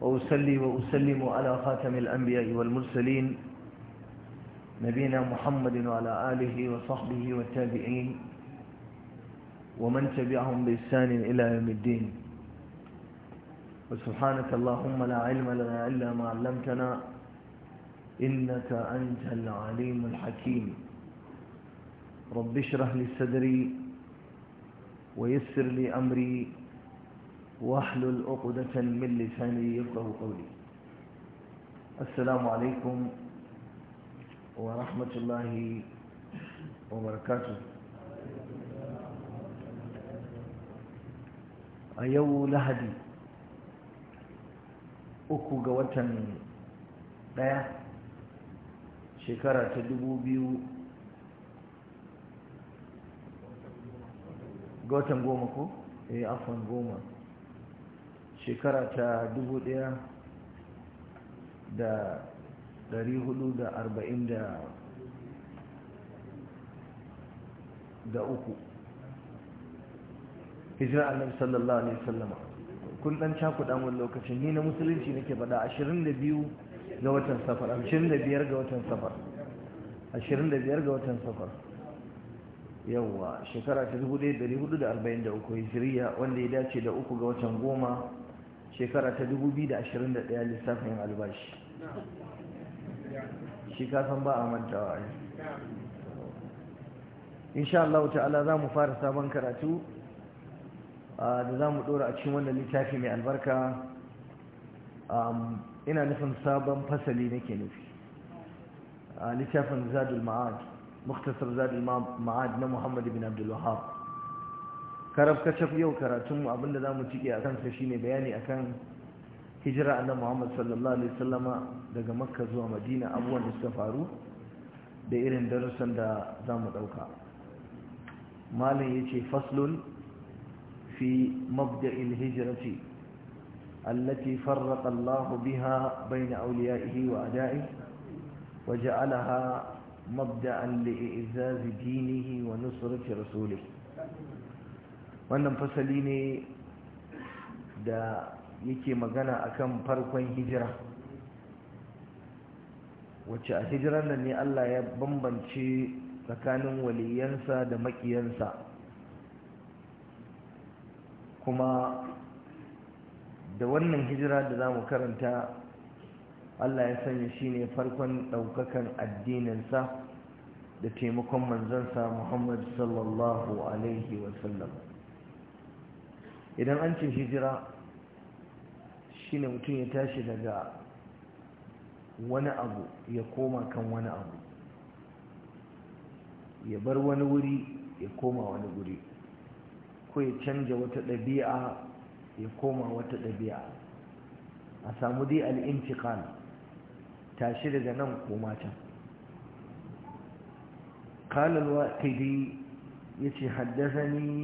وأسلي وأسلم على خاتم الأنبياء والمرسلين نبينا محمد وعلى آله وصحبه والتابعين ومن تبعهم بإحسان إلى يوم الدين وسبحانك اللهم لا علم لنا إلا ما علمتنا إنك أنت العليم الحكيم رب اشرح لي صدري ويسر لي أمري واحلل عقدة من لساني يفقه قولي السلام عليكم ورحمة الله وبركاته أيو لهدي أكو قوة ɗaya shekara ta dubu biyu ga watan goma ko? eh afon goma shekara ta da da uku hijira annabi sallallahu alaihi wasallam kun dan kudan wani lokacin ni na musulunci nake faɗa 22 ga watan safar 25 ga watan safar 25 ga watan safar yawa shekara ta 1443 hijiriya wanda ya dace da uku ga watan goma shekara ta 2021 lissafin albashi shi kasan ba a mantawa ne insha Allah ta'ala za mu fara sabon karatu da za mu dora a cikin wannan littafi mai albarka ina nufin sabon fasali na ke nufi littafin zadul ma'ad muktasar zadul ma'ad na Muhammadu bin abdul karafkacaf kacaf yau karatunmu abinda za mu cike a kansa shine bayani akan hijira annabi Muhammad sallallahu alaihi wasallama daga Makka zuwa Madina abubuwan da suka faru da irin darussan da za mu ɗauka malam ya ce faslun fi mabda'il hijirati allati farraqa Allah biha bayna awliya'ihi wa ada'ihi wa ja'alaha mabda'an li'izazi dinihi wa nusrati rasulihi wannan fasali ne da yake magana akan farkon hijira wacce a hijirar nan ne Allah ya bambance tsakanin waliyansa da makiyansa kuma da wannan hijira da za mu karanta Allah ya sanya shi ne farkon ɗaukakan addininsa da taimakon manzansa Muhammad sallallahu Alaihi wasallam. idan an ce hijira shi ne mutum ya tashi daga wani abu ya koma kan wani abu ya bar wani wuri ya koma wani wuri ko ya canja wata ɗabi'a ya koma wata ɗabi'a a samu dai al'intikal tashi daga nan koma can قال الواقدي يتحدثني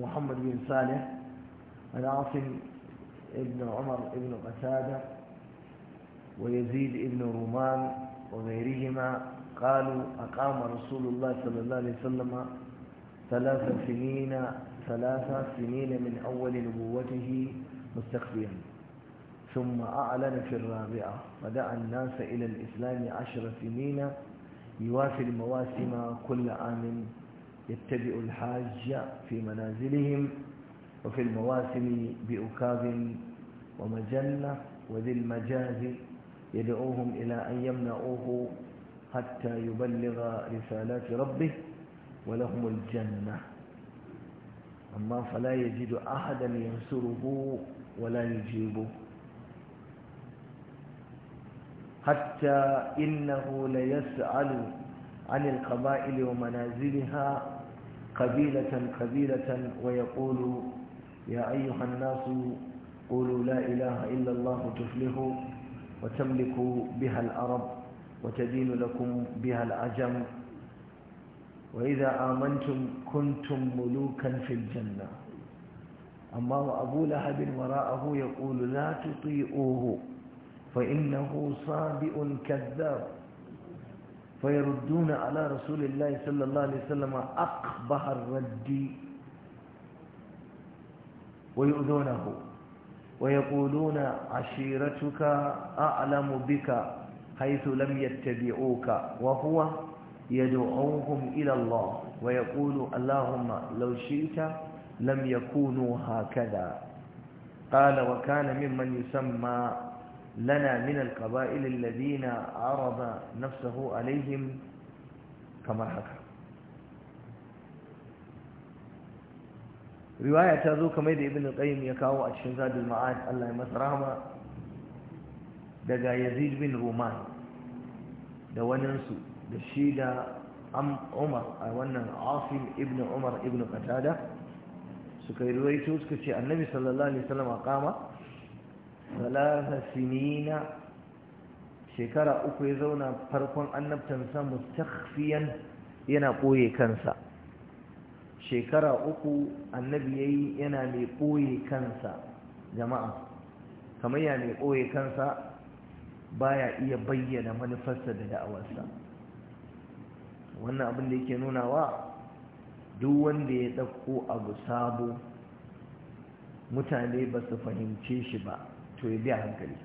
محمد bin صالح عن عاصم ابن عمر ابن قتادة ويزيد ابن رومان وغيرهما قالوا أقام رسول الله صلى الله عليه وسلم ثلاث سنين ثلاث سنين من أول نبوته مستخفيا ثم أعلن في الرابعة ودعا الناس إلى الإسلام عشر سنين يوافي المواسم كل عام يتبع الحاج في منازلهم وفي المواسم بأكاب ومجلة وذي المجاز يدعوهم إلى أن يمنعوه حتى يبلغ رسالات ربه ولهم الجنة أما فلا يجد أحدا ينصره ولا يجيبه حتى إنه ليسأل عن القبائل ومنازلها قبيلة قبيلة ويقول يا أيها الناس قولوا لا إله إلا الله تفلحوا وتملكوا بها الأرض وتدين لكم بها العجم وإذا آمنتم كنتم ملوكا في الجنة أما وأبو لهب وراءه يقول لا تطيئوه فإنه صابئ كذاب فيردون على رسول الله صلى الله عليه وسلم أقبح الرد ويؤذونه ويقولون عشيرتك أعلم بك حيث لم يتبعوك وهو يدعوهم إلى الله ويقول اللهم لو شئت لم يكونوا هكذا قال وكان ممن يسمى لنا من القبائل الذين عرض نفسه عليهم كما حكى riwaya ta zo kamar da ibn qayyim ya kawo a cikin zadul ma'ad Allah ya masa rahama daga yazid bin ruman da waninsu da shi da umar a wannan asim ibn umar ibn qatada suka yi ruwaito suka ce annabi sallallahu alaihi wasallam kama salasa sinina shekara uku ya zauna farkon annabtansa mustakhfiyan yana koye kansa shekara uku annabi ya yana mai ɓoye kansa jama'a kamar ya mai ɓoye kansa baya iya bayyana manufarsa da da'awarsa wannan abin da yake nunawa duk wanda ya ɗauko abu sabo mutane ba su fahimce shi ba to ya biya hankali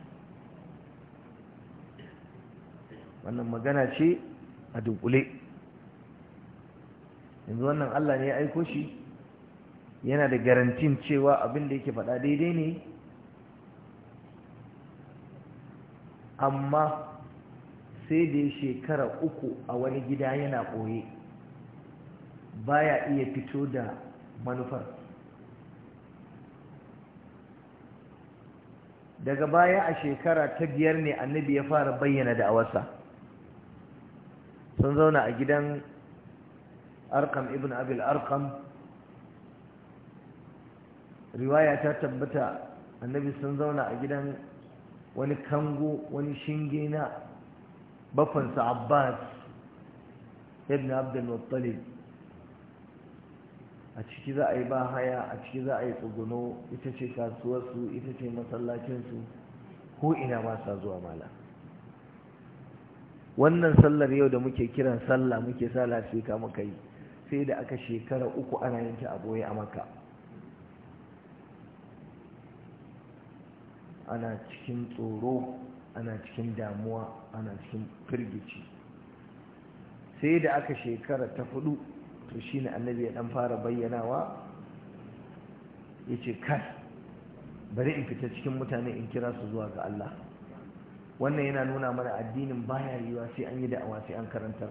wannan magana ce a dunkule yanzu wannan Allah ne ya aiko shi yana da garantin cewa abin da yake faɗa daidai ne amma sai da ya shekara uku a wani gida yana ɓoye baya iya fito da manufar daga baya a shekara ta biyar ne annabi ya fara bayyana da'awarsa sun zauna a gidan arkam ibn abil arkam riwaya ta tabbata annabi sun zauna a gidan wani kango wani shinge na bafansa abbas ibn abdulmuttalib a ciki za a yi ba haya a ciki za a yi tsuguno ita ce kasuwarsu ita ce masallacinsu ko ina ba zuwa mala wannan sallar yau da muke kiran sallah muke sa lafi kama kai sai da aka shekara uku ana yin a boye a maka ana cikin tsoro ana cikin damuwa ana cikin firgici sai da aka shekara ta hudu to shi ne annabi ya dan fara bayyanawa ya ce kai bari in fita cikin mutane in kira su zuwa ga Allah wannan yana nuna mana addinin baya yiwa sai an yi da'awa sai an karantar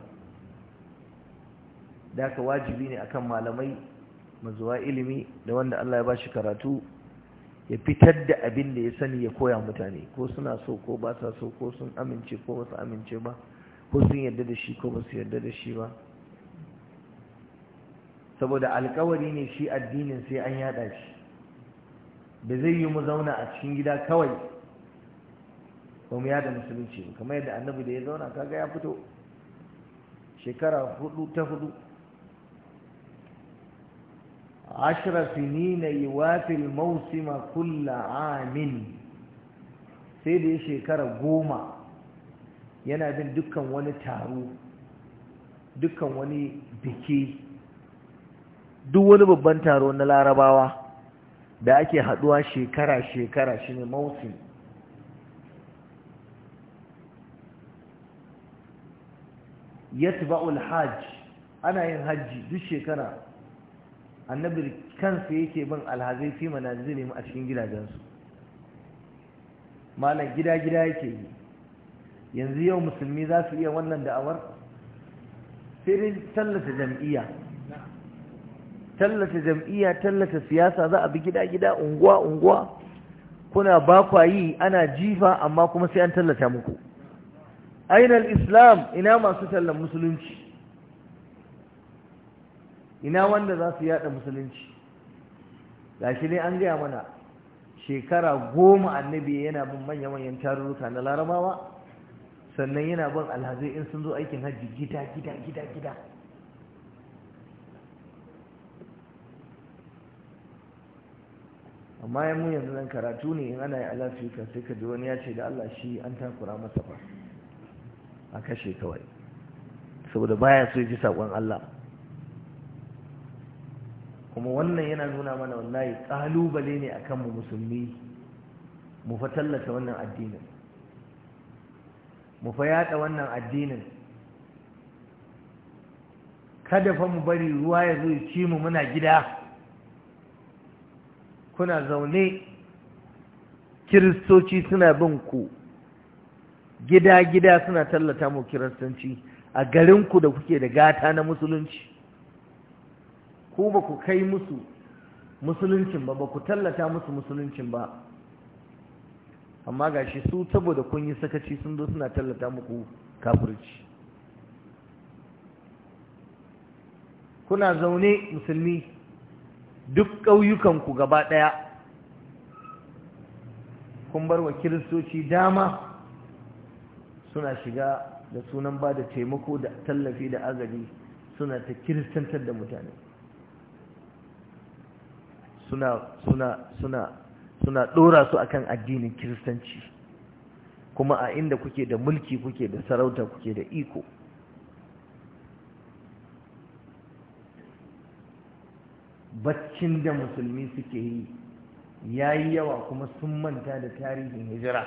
da ka wajibi ne akan malamai mazuwa ilimi da wanda Allah ya bashi karatu ya fitar da abin da ya sani ya koya mutane ko suna so ko ba sa so ko sun amince ko ba su amince ba ko sun yarda da shi ko ba su yarda da shi ba saboda alkawari ne shi addinin sai an yada shi ba zai yi mu zauna a cikin gida kawai ba mu yada musulunci kamar yadda annabi da ya zauna kaga ya fito shekara hudu ta hudu عشر سنين يوافي الموسم كل عام sai da ya shekara goma yana bin dukkan wani taro dukkan wani biki duk wani babban taro na larabawa da ake haduwa shekara-shekara shi ne mausin yatba'ul hajj ana yin hajji duk shekara annabi kansa yake bin alhazai fi manazilihim a cikin gidajensu malam gida gida yake yi yanzu yau musulmi za su iya wannan da'awar sai dai tallata jam'iyya tallata jam'iyya tallata siyasa za a bi gida gida unguwa unguwa kuna bakwa yi ana jifa amma kuma sai an tallata muku ainihin islam ina masu tallan musulunci ina wanda za su yada musulunci shi ne an gaya mana shekara goma annabi yana bin manya-manyan tarurruka na larabawa sannan yana bin alhazai in sun zo aikin hajji gida gida gida gida amma ya mun yanzu nan karatu ne in ana yi alafika sai ka ji wani ya ce da Allah shi an takura masa ba a kashe kawai saboda baya so ya ji saƙon Allah kuma wannan yana nuna mana wallahi kalubale ne akan mu musulmi mu fa tallata wannan addinin mu fa yada wannan addinin kada fa mu bari ruwa ya zo ci mu muna gida kuna zaune kiristoci suna bin ku gida-gida suna tallata mu kiristanci a garinku da kuke da gata na musulunci Ku ba ku kai musu musuluncin ba ba ku tallata musu musuluncin ba amma ga shi su saboda kun yi sakaci sun zo suna tallata muku kafirci kuna zaune musulmi duk ƙauyukanku gaba ɗaya kun bar wa kiristoci dama suna shiga da sunan ba da taimako da tallafi da agaji suna ta kiristantar da mutane suna suna suna suna dora su akan addinin kiristanci kuma a inda kuke da mulki kuke da sarauta kuke da iko baccin da musulmi suke yi ya yi yawa kuma sun manta da tarihin hijira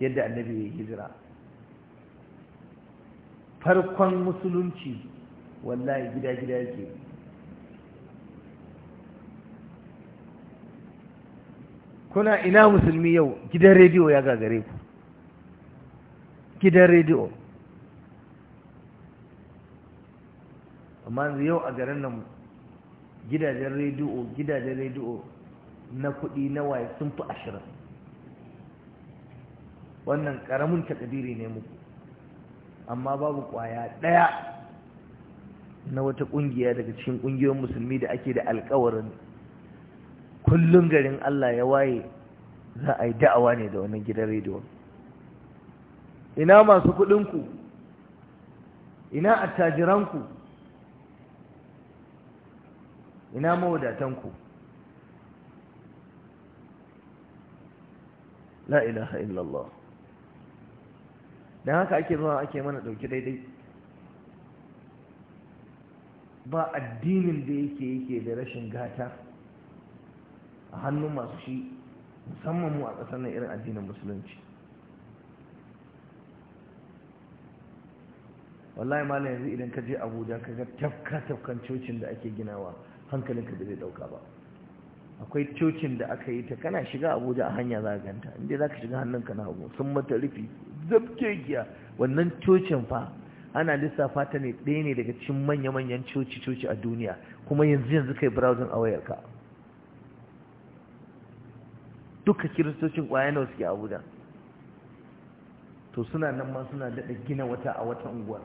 yadda annabi ya hijira farkon musulunci wallahi gida-gida yake kuna ina musulmi yau gidan rediyo ya gagare ku gidan rediyo amma yau a garin nan gidajen rediyo gidajen rediyo na kuɗi na waye sun fi ashirin wannan ƙaramin takadiri ne muku amma babu kwaya ɗaya na wata ƙungiya daga cikin ƙungiyoyin musulmi da ake da alƙawarin kullum garin Allah ya waye za a yi da'awa ne da wani gidan rediyon ina masu kuɗinku ina attajiranku ina mawadatanku la ilaha illallah don haka ake zuwa ake mana ɗauki daidai ba addinin da yake yake da rashin gata a hannun masu shi musamman mu a ƙasar nan irin addinin musulunci wallahi malam yanzu idan ka je abuja ka ga tafka tafkan cocin da ake ginawa hankalinka da zai dauka ba akwai cocin da aka yi ta kana shiga abuja a hanya za ganta inda za ka shiga hannunka na hagu sun mata rufi zabke giya wannan cocin fa ana lissafa ta ne ɗaya ne daga cikin manya-manyan coci-coci a duniya kuma yanzu yanzu kai browsing a wayarka duka kiristocin ƙwaya suke abuja to suna nan ma suna daɗa gina wata a wata unguwar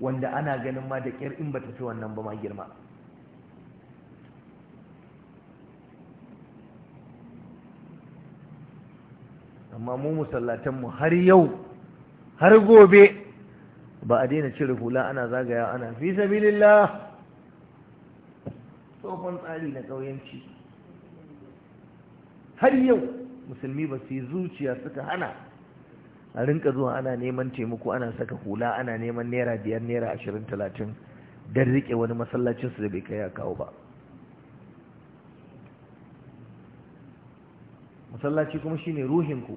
wanda ana ganin ma da ƙyar in ba ta fi wannan ba ma girma amma mu musallatanmu har yau har gobe ba a daina cire hula ana zagaya ana fi sabilillah tsohon tsari na ƙauyenci har yau musulmi ba su yi zuciya suka hana a rinka zuwa ana neman taimako ana saka hula ana neman naira biyar naira ashirin talatin don rike wani masallacinsu da bai kai a kawo ba masallaci kuma shine ruhinku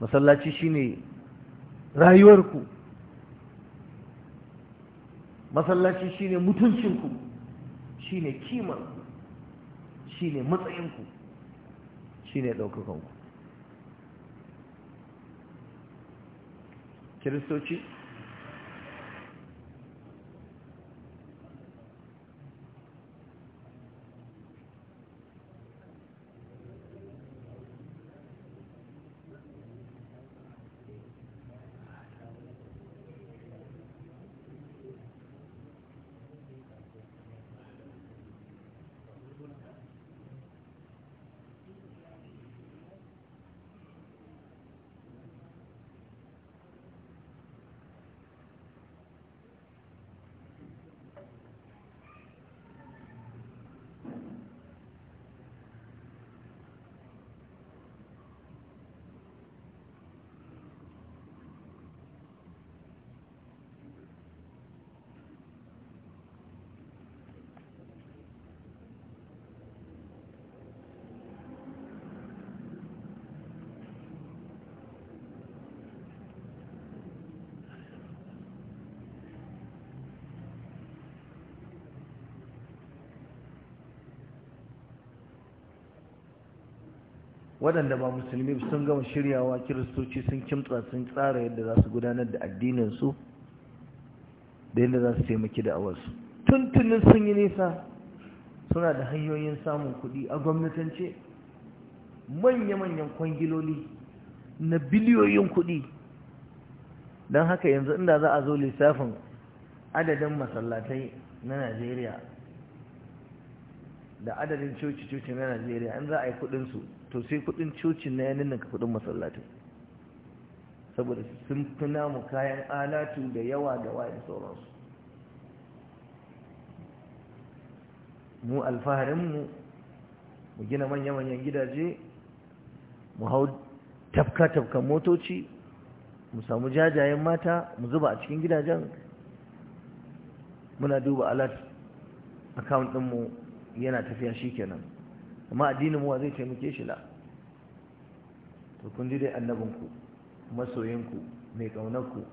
masallaci shine rayuwarku masallaci shine mutuncinku shine kimanku shi ne matsayinku shine ne ɗaukakanku kiristoci waɗanda ba musulmi sun gama shiryawa kiristoci sun kimtsa sun tsara yadda za su gudanar da addininsu da yadda za su taimaki da'awarsu tuntunin sun yi nisa suna da hanyoyin samun kuɗi a gwamnatance manya-manyan kwangiloli na biliyoyin kuɗi don haka yanzu inda za a zo lissafin adadin masallatai na najeriya da adadin coci-coci na najeriya in za a yi kuɗinsu to sai kudin cocin na yanin ka kudin masallatin saboda sun fi namu kayan alatu da yawa da wayan sauransu mu alfaharinmu mu gina manya-manyan gidaje mu hau tafka-tafkan motoci mu samu jajayen mata mu zuba a cikin gidajen muna duba alat akawun ɗinmu yana tafiya shi kenan amma addinin mu zai taimake shi la to kun ji dai annabinku masoyinku mai ƙaunarku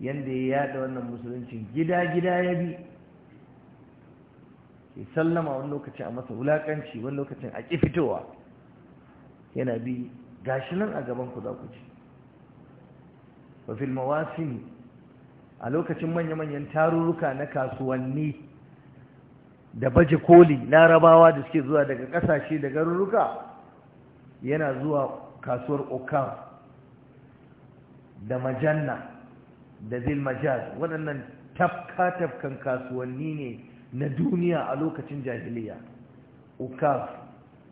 yanda ya yada wannan musuluncin gida gida ya bi ke sallama wani lokacin a masa wulakanci wani lokacin a ƙi fitowa yana bi gashi nan a gabanku za ku ci wa fil mawasim a lokacin manya-manyan tarurruka na kasuwanni da baje koli larabawa da suke zuwa daga kasashe da garuruka yana zuwa kasuwar okan da majanna da zil majaz waɗannan tafka-tafkan kasuwanni ne na duniya a lokacin jahiliya okan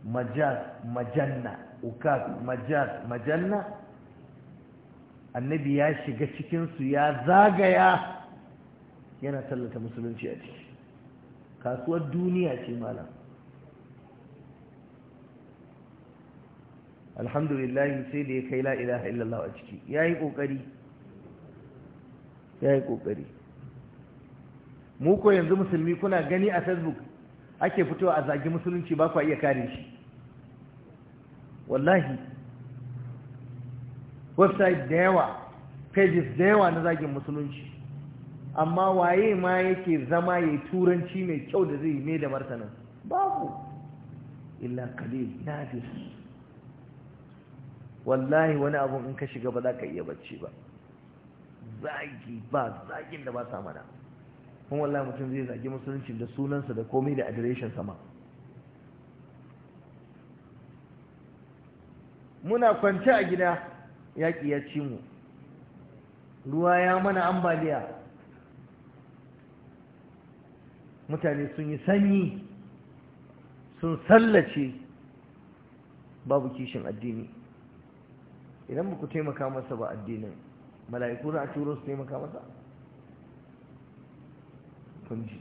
majaz majanna okan majaz majanna annabi ya shiga cikinsu ya zagaya yana tallata musulunci a ciki kasuwar duniya ce malam alhamdulillah sai da ya kai la'ila ilaha illallah a ciki yi kokari yayi kokari mu ko yanzu musulmi kuna gani a facebook ake fitowa a zagi musulunci ba kwa iya kare shi wallahi website da yawa pages da yawa na zagin musulunci amma waye ma yake zama ya turanci mai kyau da zai mai da martanin babu illa kalil nadis wallahi wani abun in ka shiga ba za ka iya bacci ba zagi ba zagin da ba sa mana kuma wallahi mutum zai zagi musulunci da sunansa da komai da adireshin sama muna kwance a gida yaƙi ya ci mu ruwa ya mana ambaliya mutane sun yi sanyi sun sallace babu kishin addini idan ba ku taimaka masa ba addinin mala'iku za a turo su taimaka masa kunji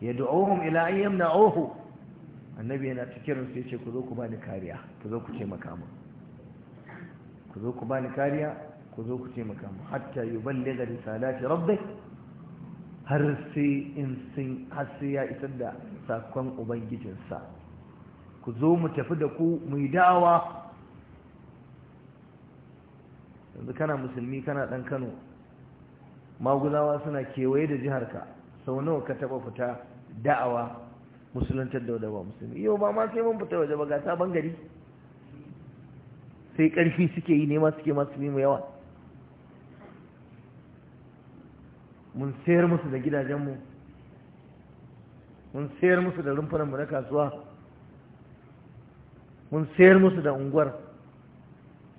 ya du'ohum ila an yamna'uhu annabi yana cikin su ce, ku zo ku bani kariya ku zo ku taimaka mu ku zo ku bani kariya ku zo ku taimaka mu hatta yuballigha risalati rabbik har sai in sun har ya isar da sakon ubangijinsa ku zo mu tafi da ku mu yi dawa yanzu kana musulmi kana ɗan kano maguzawa suna kewaye da jiharka sau nawa ka taɓa fita da'awa musuluntar da wadawa musulmi yau ba ma sai mun fita waje ba ga sabon gari sai ƙarfi suke yi nema suke masu mu yawa mun sayar musu da gidajenmu mun sayar musu da rumfunanmu na kasuwa mun sayar musu da unguwar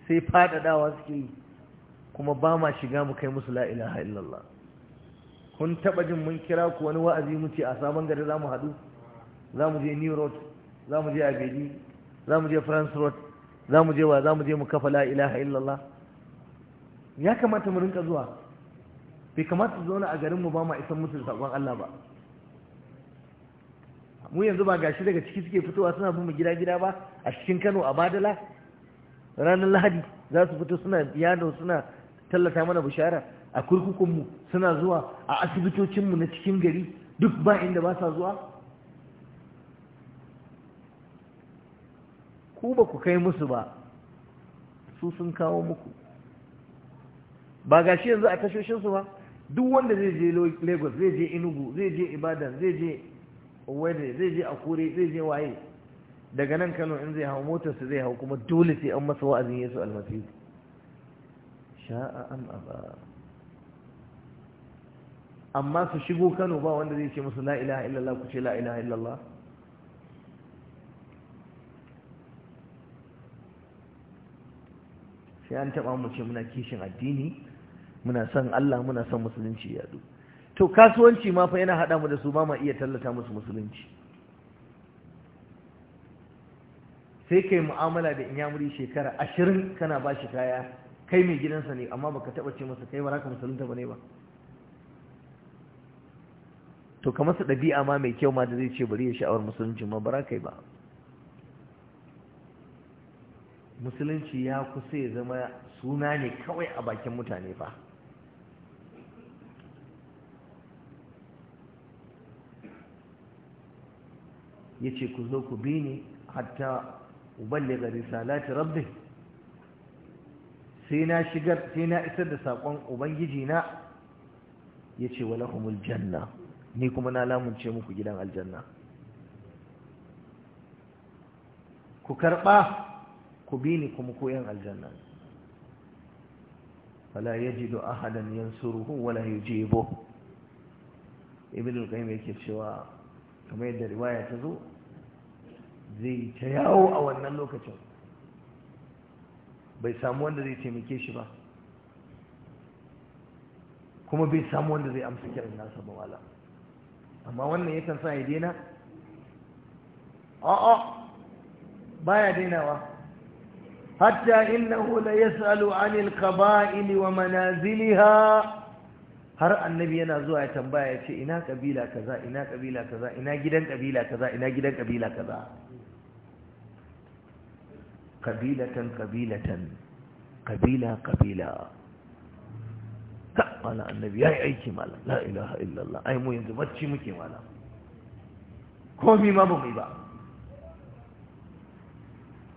sai fadadawa suke yi kuma ba ma shiga mu kai musu la'ilaha illallah kun taba jin mun kira ku wani wa'azi mu ce a sabon gari za mu haɗu za mu je new road za mu je abeji za mu je france road za mu je wa za mu je mu kafa la'ilaha illallah ya kamata mu rinka zuwa bai kamata su zauna a garinmu ba ma isan musu da saƙon Allah ba mu yanzu ba gashi daga ciki suke fitowa suna bin mu gida-gida ba a cikin Kano a Badala ranar Lahadi za su fito suna yano suna tallata mana bushara? a kurkukunmu suna zuwa a asibitocinmu na cikin gari duk ba inda ba sa zuwa ku ba ku kai musu ba su sun kawo muku ba gashi yanzu a tashoshinsu ba duk wanda zai je lagos zai je enugu zai je ibadan zai je wede zai je akure zai je waye daga nan kano in zai hau motarsa zai hau kuma dole sai an masa wa'azin yesu almasihu sha'a am aba amma su shigo kano ba wanda zai ce musu la ilaha illallah ku ce la ilaha illallah sai an taba mu ce muna kishin addini muna son Allah muna son musulunci ya to kasuwanci ma fa yana haɗa mu da su ba ma iya tallata musu musulunci sai kai mu'amala da inyamuri shekara ashirin kana ba shi kaya kai mai gidansa ne amma baka taba ce masa kai ba raka musulunta ba ne ba to ka masa ɗabi'a ma mai kyau ma da zai ce bari ya sha'awar musulunci ma bara kai ba musulunci ya kusa ya zama suna ne kawai a bakin mutane ba. yace ku zo ku bi ni hatta uballiga risalati rabbi sai na shigar isar da sakon ubangiji na yace walahumul janna ni kuma na lamunce muku gidan aljanna ku karba ku bi ni kuma ku yan aljanna fala yajidu ahadan yansuruhu wala yujibuhu ibn al-qayyim yake cewa kamar yadda riwaya ta zo zai ta yawo a wannan lokacin bai samu wanda zai taimake shi ba kuma bai samu wanda zai amsa kiran nasa ba wala amma wannan yakan sa ya daina a'a baya dainawa hatta innahu la yas'alu 'anil qaba'il wa manaziliha. har annabi yana zuwa ya tambaya ya ce ina kabila kaza ina kabila kaza ina gidan kabila kaza ina gidan kabila kaza قبيلة قبيلة قبيلة قبيلة قال النبي أي أي كمالا لا إله إلا الله أي مو ينزو مجم كمالا كومي ما بمي با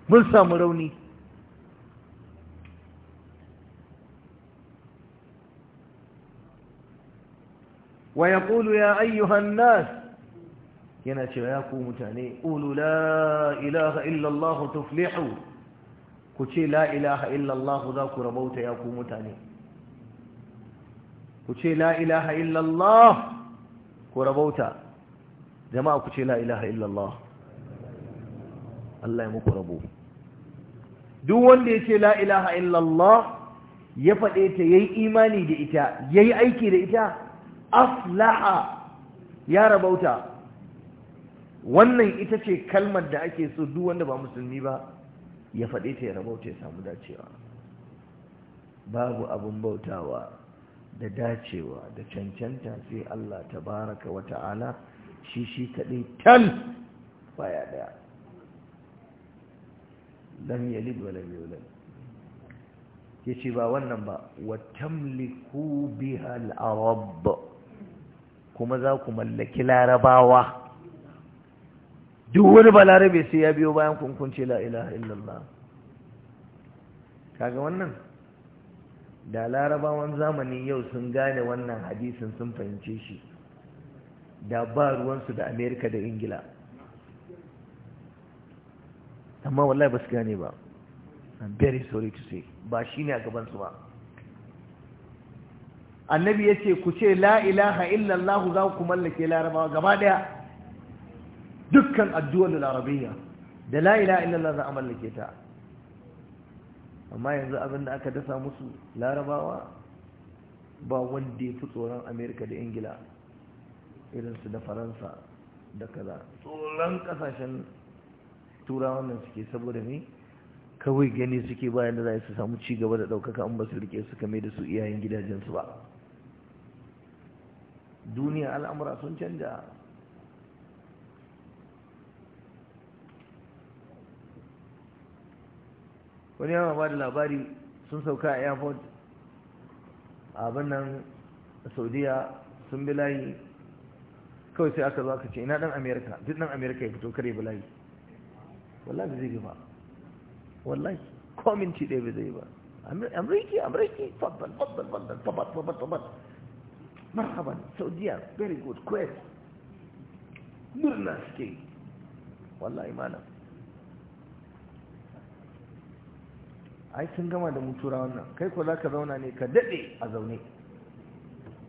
ملسا مروني ويقول يا أيها الناس يناتي وياكو متاني قولوا لا إله إلا الله تفلحوا ku ce la ilaha illallah za ku rabauta ya ku mutane ku ce la ilaha illallah ku rabauta jama'a ku ce la ilaha illallah Allah ya muku rabo duk wanda ya ce la ilaha illallah ya faɗe ta ya yi imani da ita ya yi aiki da ita aflaha ya rabauta wannan ita ce kalmar da ake so duk wanda ba musulmi ba ya faɗi ta ya rabauta ya samu dacewa babu abin bautawa da dacewa da cancanta sai Allah tabaraka wa ta'ala shi shi kaɗai tal baya ɗaya lam yalid wa lam yulad yace ba wannan ba wa bi biha al kuma za ku mallaki larabawa duk wani balarabe sai ya biyo bayan kunkunce la ilaha illallah kaga wannan da larabawan zamani yau sun gane wannan hadisin sun fahimce shi da ba ruwansu da amerika da ingila amma wallahi ba su gane ba i'm very sorry to say ba shi ne a gabansu ba annabi ya ce ku ce la'ilaha illallah za ku mallake larabawa gaba daya dukkan addu'ar larabiyya da la ilaha illallah za a mallake ta amma yanzu abin aka dasa musu larabawa ba wanda ya fi tsoron amerika da ingila irinsu da faransa da kaza tsoron kasashen turawan nan suke saboda ne kawai gani suke bayan da za su samu ci gaba da ɗaukaka an ba su rike su kame da su iyayen gidajensu ba duniya al'amura sun canja wani yawan ba da labari sun sauka a airport a nan saudiya sun bi layi kawai sai aka zo aka ce ina dan amerika duk dan amerika ya fito kare bala'i wallahi ba zai gaba ba wallahi kominci ɗaya bai zai ba amurki amurki fabbal fabbal fabbal fabbal fabbal fabbal marhaban saudiya very good quest murna suke wallahi malam ai kin gama da mutura wannan kai ko za ka zauna ne ka daɗe a zaune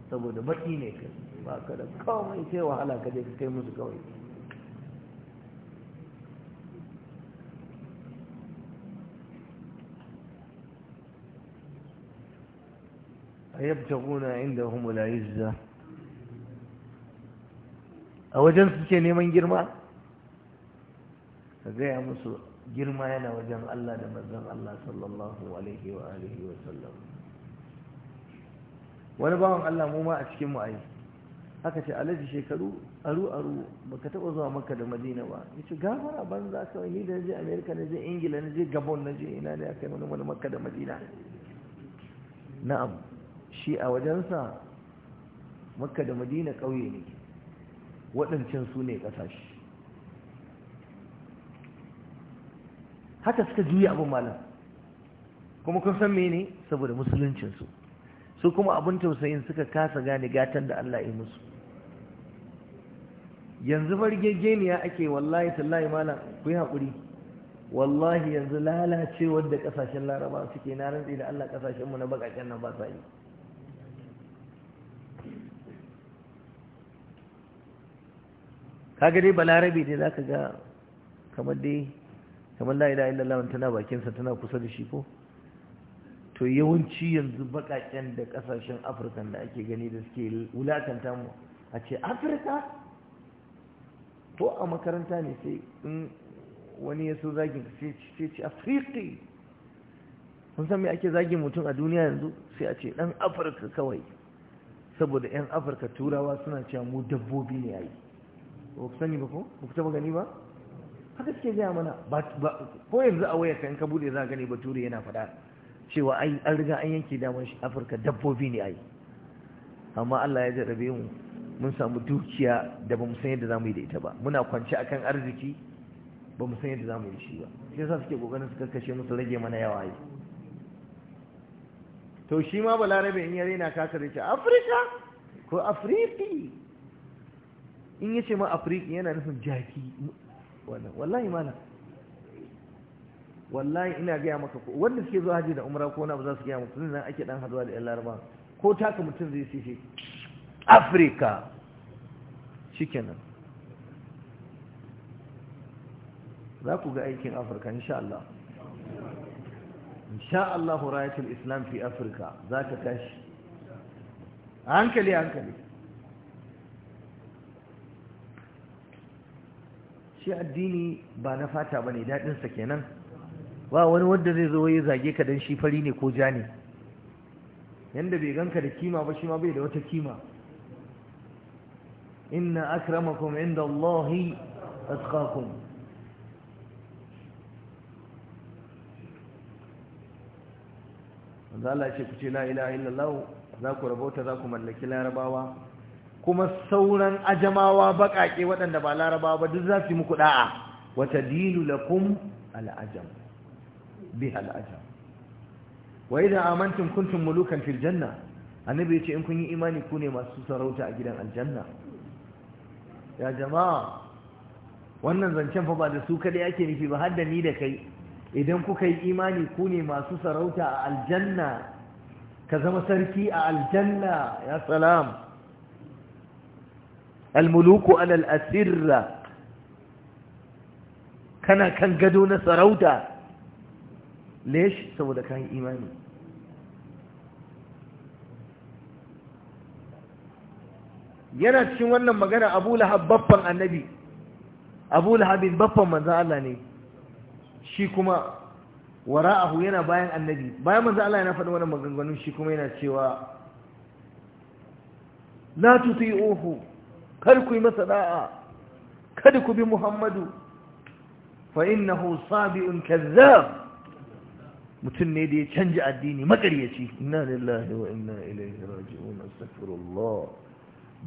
saboda baki ne kai ba ka da kawai sai wahala ka je ka kai musu kawai يبتغون a wajen suke neman girma ka gaya musu. girma yana wajen Allah da manzon Allah sallallahu alaihi wa alihi wa sallam wani bawan Allah mu ma a cikin mu ai haka ce alaji shekaru aru aru baka taba zuwa Makka da Madina ba yace gafara banza kawai ni da je America na je Ingila na je Gabon na je ina ne akai mun wani Makka da Madina na'am shi a wajensa Makka da Madina kauye ne waɗancan su ne ƙasashe haka suka juya abin malam kuma kun san mene saboda musuluncinsu su kuma abin tausayin suka kasa gane gatan da Allah ya musu yanzu fargegeniya ake wallahi tallahi malam ku yi haƙuri wallahi yanzu lalacewar da ƙasashen laraba suke na rantsi da Allah ƙasashenmu na baƙaƙen nan ba sa yi kaga dai balarabe dai za ka ga kamar dai kamar la ilaha illallah tana bakinsa tana kusa da shi ko to yawanci yanzu bakaken da kasashen afirka da ake gani da suke wulakanta mu a ce afirka ko a makaranta ne sai in wani ya so zagin sai ce afirki kun san me ake zagin mutum a duniya yanzu sai a ce dan afirka kawai saboda 'yan afirka turawa suna cewa mu dabbobi ne a yi ba ku sani ba ko ba ku taba gani ba haka suke gaya mana ko yanzu a wayar kan ka bude za gani bature yana faɗa cewa ai an riga an yanke damar shi afirka dabbobi ne ai amma Allah ya jarrabe mu mun samu dukiya da bamu san yadda zamu yi da ita ba muna kwance akan arziki bamu san yadda zamu yi shi ba shi yasa suke kokarin su karkashe mu su rage mana yawa ai to shi ma balarabe in ya raina ka ce afirka ko afriki in ya ce ma afriki yana nufin jaki wannan wallahi mana wallahi ina gaya maka ko wanda suke zuwa haji da umra ko na ba za su gaya mutum nan ake dan haduwa da yan laraba ko taka mutum zai sife afirka shikenan za ku ga aikin afirka insha Allah insha Allah rayatul islam fi afirka za ka tashi hankali hankali shi addini ba na fata ba ne daɗinsa kenan ba wani wanda zai zo ya zage ka dan shi fari ne ko ja ne Yadda bai ganka da kima ba shi ma bai da wata kima inna akramakum inda Allahi atkakun Allah ce ku ce la ilaha illallah za ku rabauta za ku mallaki larabawa kuma sauran ajamawa baƙaƙe waɗanda ba laraba ba duk za su yi muku da'a wata dinu lakum al'ajam bi al'ajam wa idan amantum kuntum mulukan fil janna annabi yace in kun yi imani ku ne masu sarauta a gidan aljanna ya jama'a wannan zancen fa ba da su kadai ake nufi ba har da ni da kai idan kuka yi imani ku ne masu sarauta a aljanna ka zama sarki a aljanna ya salam almuluku alal asirra kana kan gado na sarauta lesh saboda kayan imani yana cikin wannan magana abu lahab baffan annabi abu lahabin baffan manzan ne shi kuma wara'ahu yana bayan annabi bayan manzan Allah yana faɗi wannan maganganun shi kuma yana cewa la tuti'uhu kar ku yi masa da'a kada ku bi muhammadu fa innahu sabi'un kazzab mutum ne da ya canza addini makaryaci inna lillahi wa inna ilaihi raji'un astaghfirullah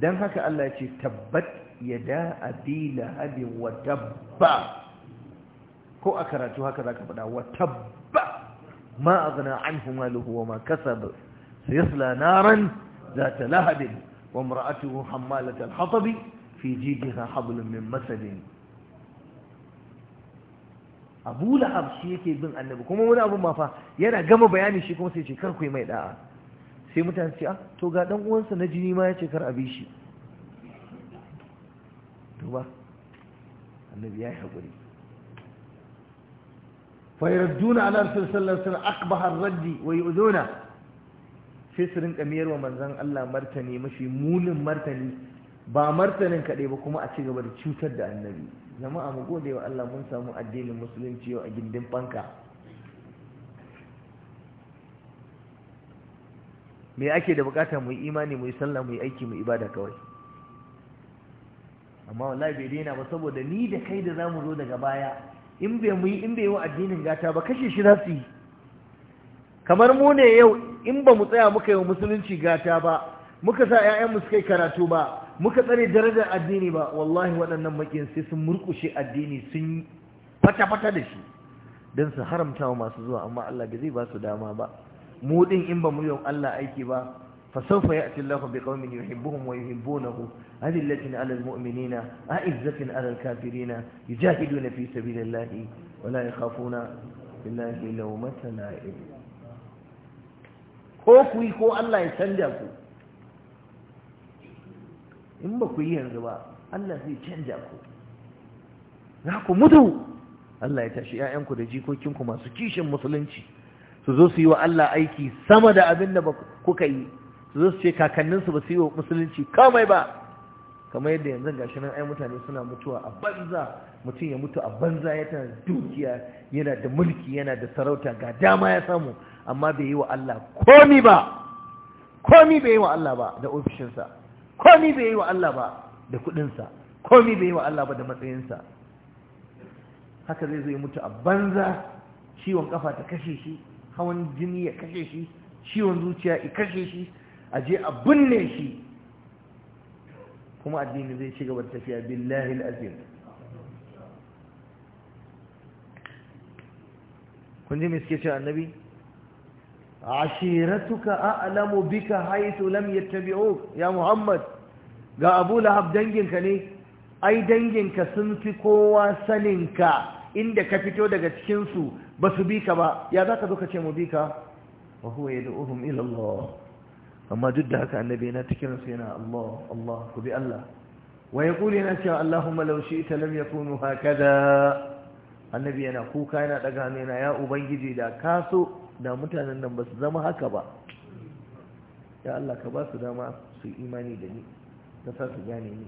dan haka Allah ya ce tabbat yada abi lahabin wa tabba ko a karatu haka zaka faɗa wa tabba ma aghna anhu maluhu wa ma kasab sayasla naran ذات لهب وامرأته حمالة الحطب في جيدها حبل من مسد أبو لحب شيكي بن أنبو كما من أبو مافا يانا قم بياني شيكو آه. سي شكر كوي ميدا سي متان آه. سي تو قاد أمون سنجني ما يشكر أبيشي دوبا النبي يا حبري فيردون على رسول الله صلى الله عليه وسلم أقبح الرد ويؤذونه sai su rinka miyar wa manzan Allah martani mashi munin martani ba martanin kaɗai ba kuma a ci gaba da cutar da annabi jama'a mu gode wa Allah mun samu addinin musulunci yau a gindin fanka me ake da bukata mu yi imani mu yi sallah mu yi aiki mu ibada kawai amma wallahi bai daina ba saboda ni da kai da zamu zo daga baya in bai mu yi wa addinin gata ba kashe shi za su yi kamar mu ne yau in ba mu tsaya muka yi musulunci gata ba muka sa 'ya'yanmu su kai karatu ba muka tsare darajar addini ba wallahi waɗannan makiyan sai sun murkushe addini sun fata-fata da shi don su haramta wa masu zuwa amma Allah ba zai ba su dama ba mu din in ba mu yi Allah aiki ba fa sawfa ya'ti Allahu bi qaumin yuhibbuhum wa yuhibbunahu adillatin 'ala al-mu'minina a'izzatin 'ala al-kafirina yujahiduna fi sabilillahi wa la yakhafuna billahi lawmata la'ib ko ku yi ko Allah ya canja ku in ba ku yi yanzu ba Allah zai canja ku za ku mutu Allah ya tashi ‘ya'yanku da jikokinku masu kishin musulunci su zo su yi wa Allah aiki sama da abin da kuka yi su zo su ce kakanninsu ba su yi wa musulunci kamai ba kamar yadda yanzu gashi nan ai mutane suna mutuwa a banza mutum ya mutu a banza yana dukiya yana da mulki yana da sarauta ga dama ya samu amma bai yi wa Allah komi ba komi bai yi wa Allah ba da ofishinsa komi bai yi wa Allah ba da kudinsa komi bai yi wa Allah ba da matsayinsa haka zai zai mutu a banza ciwon kafa ta kashe shi hawan jini ya kashe shi ciwon zuciya ya kashe shi a je a binne shi kuma addini zai ci gaba da tafiya billahi al'azim kun ji me suke cewa annabi ashiratuka a'lamu bika haythu lam yattabi'uk ya muhammad ga abu lahab danginka ne ai danginka sun fi kowa saninka inda ka fito daga cikinsu ba su bi ka ba ya za ka zo ka ce mu bi ka wa huwa yad'uhum ila Allah amma duk da haka annabi yana cikin su yana Allah Allah ku bi Allah wa yaqulu yana cewa Allahumma law shi'ta lam yakunu hakada annabi yana kuka yana daga hannu yana ya ubangiji da kaso da mutanen nan ba su zama haka ba ya Allah ka ba su dama su imani da ni ta sa su gane ni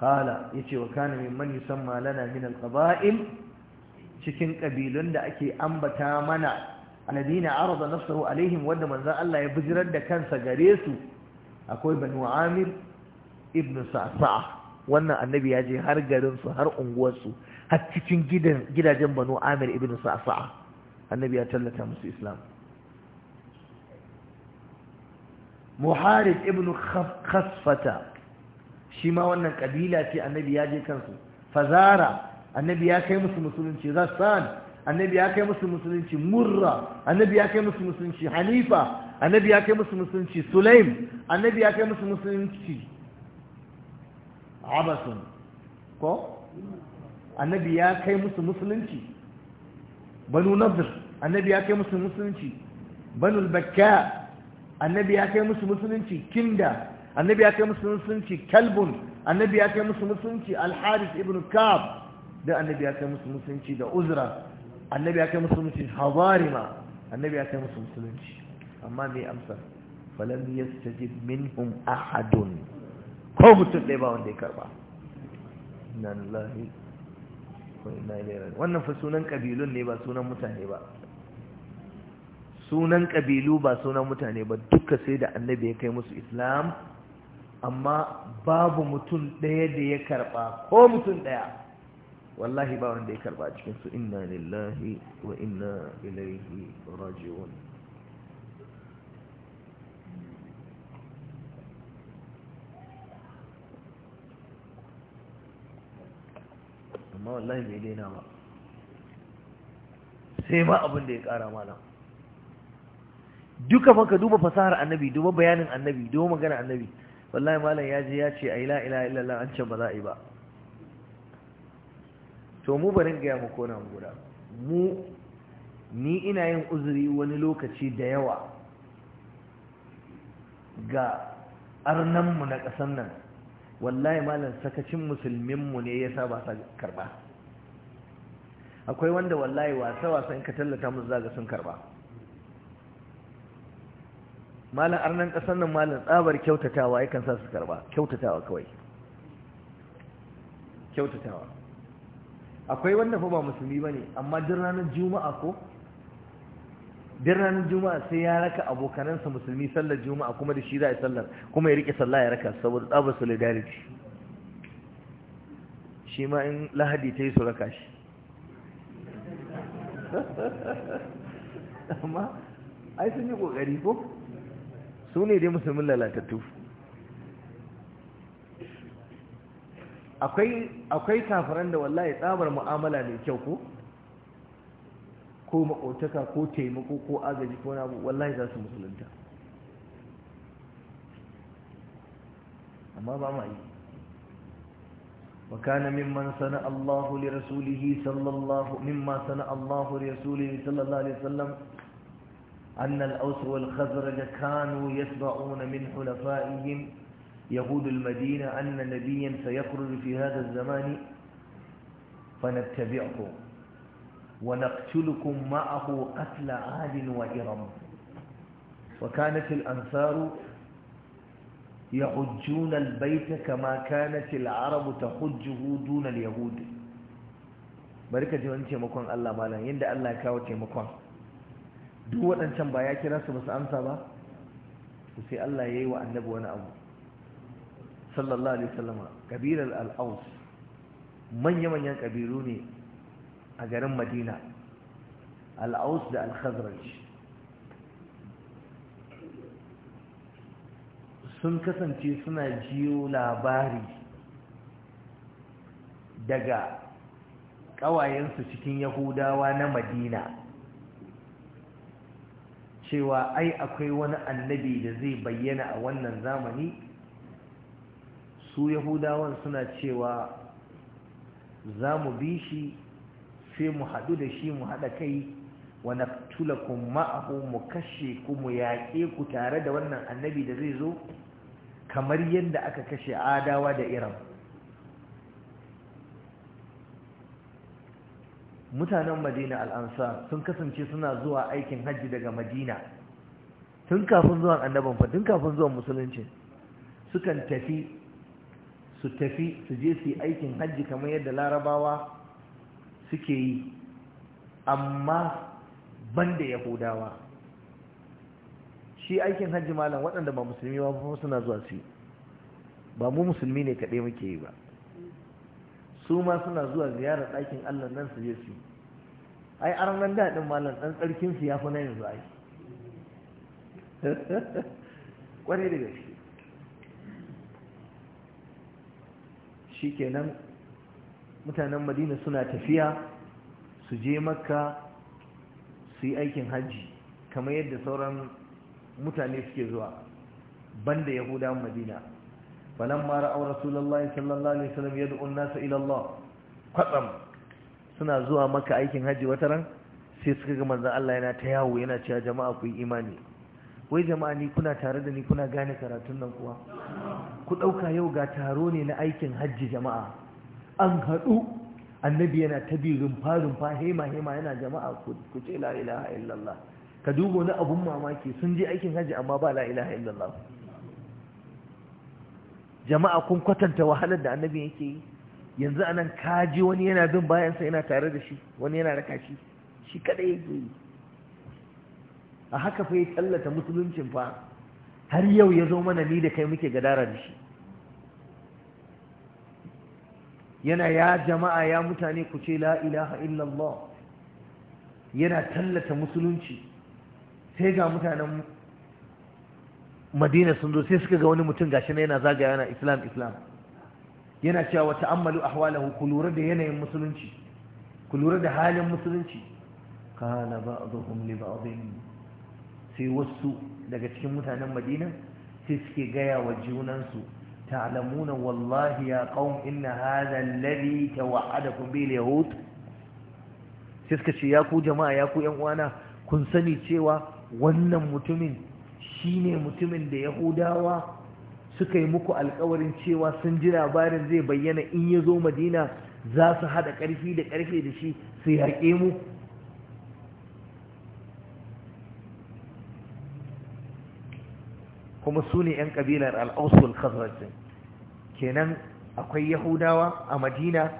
qala yace wa kana mani yusamma lana min alqaba'il cikin kabilun da ake ambata mana alladina arada nafsuhu alaihim wanda manzo Allah ya bijirar da kansa gare su akwai banu amir ibn sa'sa'a wannan annabi ya je har garinsu har unguwarsu har cikin gidajen banu amir ibn sa'sa'a annabi ya tallata musu islam muharib ibn khasfata shi ma wannan kabila ce annabi ya je kansu fazara annabi ya kai musu musulunci rassan annabi ya kai musu musulunci murra annabi ya kai musu musulunci hanifa annabi ya kai musu musulunci sulaim annabi ya kai musu musulunci abasun ko annabi ya kai musu musulunci banu nazir annabi ya kai musu musulunci banu bakka annabi ya kai musu musulunci kinda annabi ya kai musu musulunci kalbun annabi ya kai musu musulunci al-harith ibn kab da annabi ya kai musu musulunci da uzra annabi ya kai musu musulunci hawarima annabi ya kai musu musulunci amma me amsa falam yastajib minhum ahadun ko mutum ɗaya ba wanda ya karba inna lillahi wa inna ilayhi wannan fa sunan kabilun ne ba sunan mutane ba sunan kabilu ba sunan mutane ba duka sai da annabi ya kai musu islam amma babu mutum ɗaya da ya karba ko mutum ɗaya wallahi ba wanda ya karba cikin cikinsu inna lillahi wa inna ilayhi raji'un amma wallahi bai daina ba sai ma abin da ya kara malam duka fa duba fasahar annabi duba bayanin annabi duba magana annabi wallahi malam ya je ya ce a ila ila illallah an ce ba za a yi ba to mu barin gaya mu kona mu guda mu ni ina yin uzuri wani lokaci da yawa ga arnanmu na ƙasar nan wallahi malam sakacin musulminmu ne ya sa ba sa karba akwai wanda wallahi wasa-wasa in ka tallata musu zaga sun karba malam arnan kasan nan malam tsabar kyautatawa yakan sa su karba kyautatawa kawai kyautatawa akwai wanda fa ba musulmi bane amma duk ranar juma'a ko duk ranar juma'a sai ya raka abokanansa musulmi sallar juma'a kuma da shi za a sallar kuma ya rike sallah ya raka saboda tsabar solidarity shi ma in lahadi ta yi su raka shi amma ai sun yi kokari ko su ne dai musulmin lalatattu akwai kafiran da wallahi tsabar mu'amala mai kyau ko ko makotaka ko taimako ko agaji ko abu wallahi za su musulunta amma ba ma yi وكان ممن صنع الله لرسوله صلى الله مما صنع الله لرسوله صلى الله عليه وسلم أن الأوس والخزرج كانوا يسمعون من حلفائهم يهود المدينة أن نبيا سيخرج في هذا الزمان فنتبعه ونقتلكم معه قتل عاد وإرم وكانت الأنصار يحجون البيت كما كانت العرب تحجه دون اليهود بركة وانت مكون الله مالا يند الله كاوت مكون دو وانتم باياك راس بس أمسا با وسي الله ييوى النبو وانا أبو صلى الله عليه وسلم كبير الأوس من يمن ينكبيروني a garin madina al'aus da al sun kasance suna jiyo labari daga ƙawayensu cikin yahudawa na madina cewa ai akwai wani annabi da zai bayyana a wannan zamani su yahudawan suna cewa za mu bi shi sai mu haɗu da shi mu haɗa kai wa naftulakum ma'ahu mu kashe ku mu yaƙe ku tare da wannan annabi da zai zo kamar yadda aka kashe adawa da iram mutanen madina al'ansa sun kasance suna zuwa aikin hajji daga madina tun kafin zuwan annaban fa tun kafin zuwan musulunci sukan tafi su tafi su je su yi aikin hajji kamar yadda larabawa suke yi amma banda yahudawa shi aikin hajji malam waɗanda ba musulmi ba suna zuwa su ba mu musulmi ne kaɗai muke yi ba su ma suna zuwa ziyarar ɗakin allah nan su je su ai a ranar daɗin malam ɗan tsarkinsu ya fi na yanzu ai kwarai da gaske shi kenan mutanen madina suna tafiya su je makka su yi aikin hajji kamar yadda sauran mutane suke zuwa banda yahuda madina mara ra'aw rasulullahi sallallahu alaihi wasallam yad'u an-nasa ila Allah kwatsam suna zuwa maka aikin hajji wata ran sai suka ga manzan Allah yana ta yawo yana cewa jama'a ku yi imani wai jama'a ni kuna tare da ni kuna gane karatun nan kuwa ku dauka yau ga taro ne na aikin hajji jama'a an haɗu annabi yana ta bi rumfa rumfa hema hema yana jama'a ku ce la ilaha illallah ka dubo wani abun mamaki sun je aikin hajji amma ba la ilaha illallah jama'a kun kwatanta wahalar da annabi yake yi yanzu anan kaji wani yana bin bayansa yana tare da shi wani yana raka shi shi kadai yake yi a haka fa ya tallata musuluncin fa har yau ya zo mana ni da kai muke gadara da shi yana ya jama'a ya mutane ku ce la ilaha illallah yana tallata musulunci sai ga mutanen madina sun zo sai suka ga wani mutum gashi na yana zagaya yana islam islam yana cewa wa ta'ammalu ahwalahu ku lura da yanayin musulunci ku lura da halin musulunci qala ba'dhum li ba'dhin sai wasu daga cikin mutanen madina sai suke gaya wa junansu تعلمون والله يا قوم إن هذا الذي توعدكم به اليهود سيسكتشي ياكو جماعة ياكو يموانا kun sani cewa wannan mutumin shine mutumin da yahudawa suka yi muku alkawarin cewa sun ji labarin zai bayyana in ya zo madina za su haɗa ƙarfi da ƙarfe da shi su yaƙe mu kuma su ne 'yan ƙabilar al'ausul khazrajin kenan akwai yahudawa a madina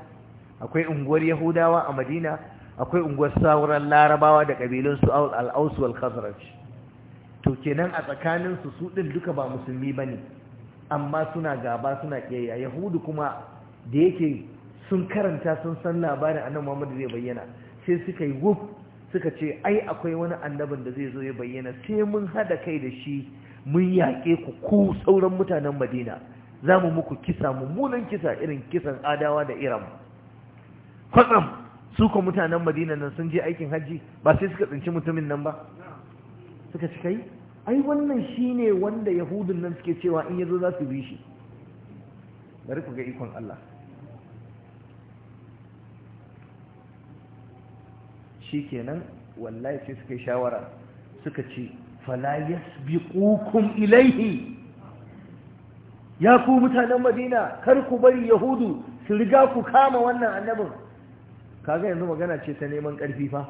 akwai unguwar yahudawa a madina akwai unguwar sauran larabawa da ƙabilun su al'ausul khazraj to kenan a tsakaninsu su ɗin duka ba musulmi ba ne amma suna gaba suna ƙiyayya yahudu kuma da yake sun karanta sun san labarin annan muhammadu zai bayyana sai suka yi wuf suka ce ai akwai wani annabin da zai zo ya bayyana sai mun haɗa kai da shi mun yaƙe ku ku sauran mutanen madina za mu muku kisa mummunan kisa irin kisan adawa da iram kwatsam su ko mutanen madina nan sun je aikin hajji ba sai suka tsinci mutumin nan ba suka ci kai ai wannan shine wanda yahudun nan suke cewa in yazo za su bi shi bari ku ga ikon Allah shi kenan wallahi sai suka yi shawara suka ci fala yasbiqukum ilaihi ya ku mutanen madina kar ku bari yahudu su riga ku kama wannan annabin kaga yanzu magana ce ta neman karfi fa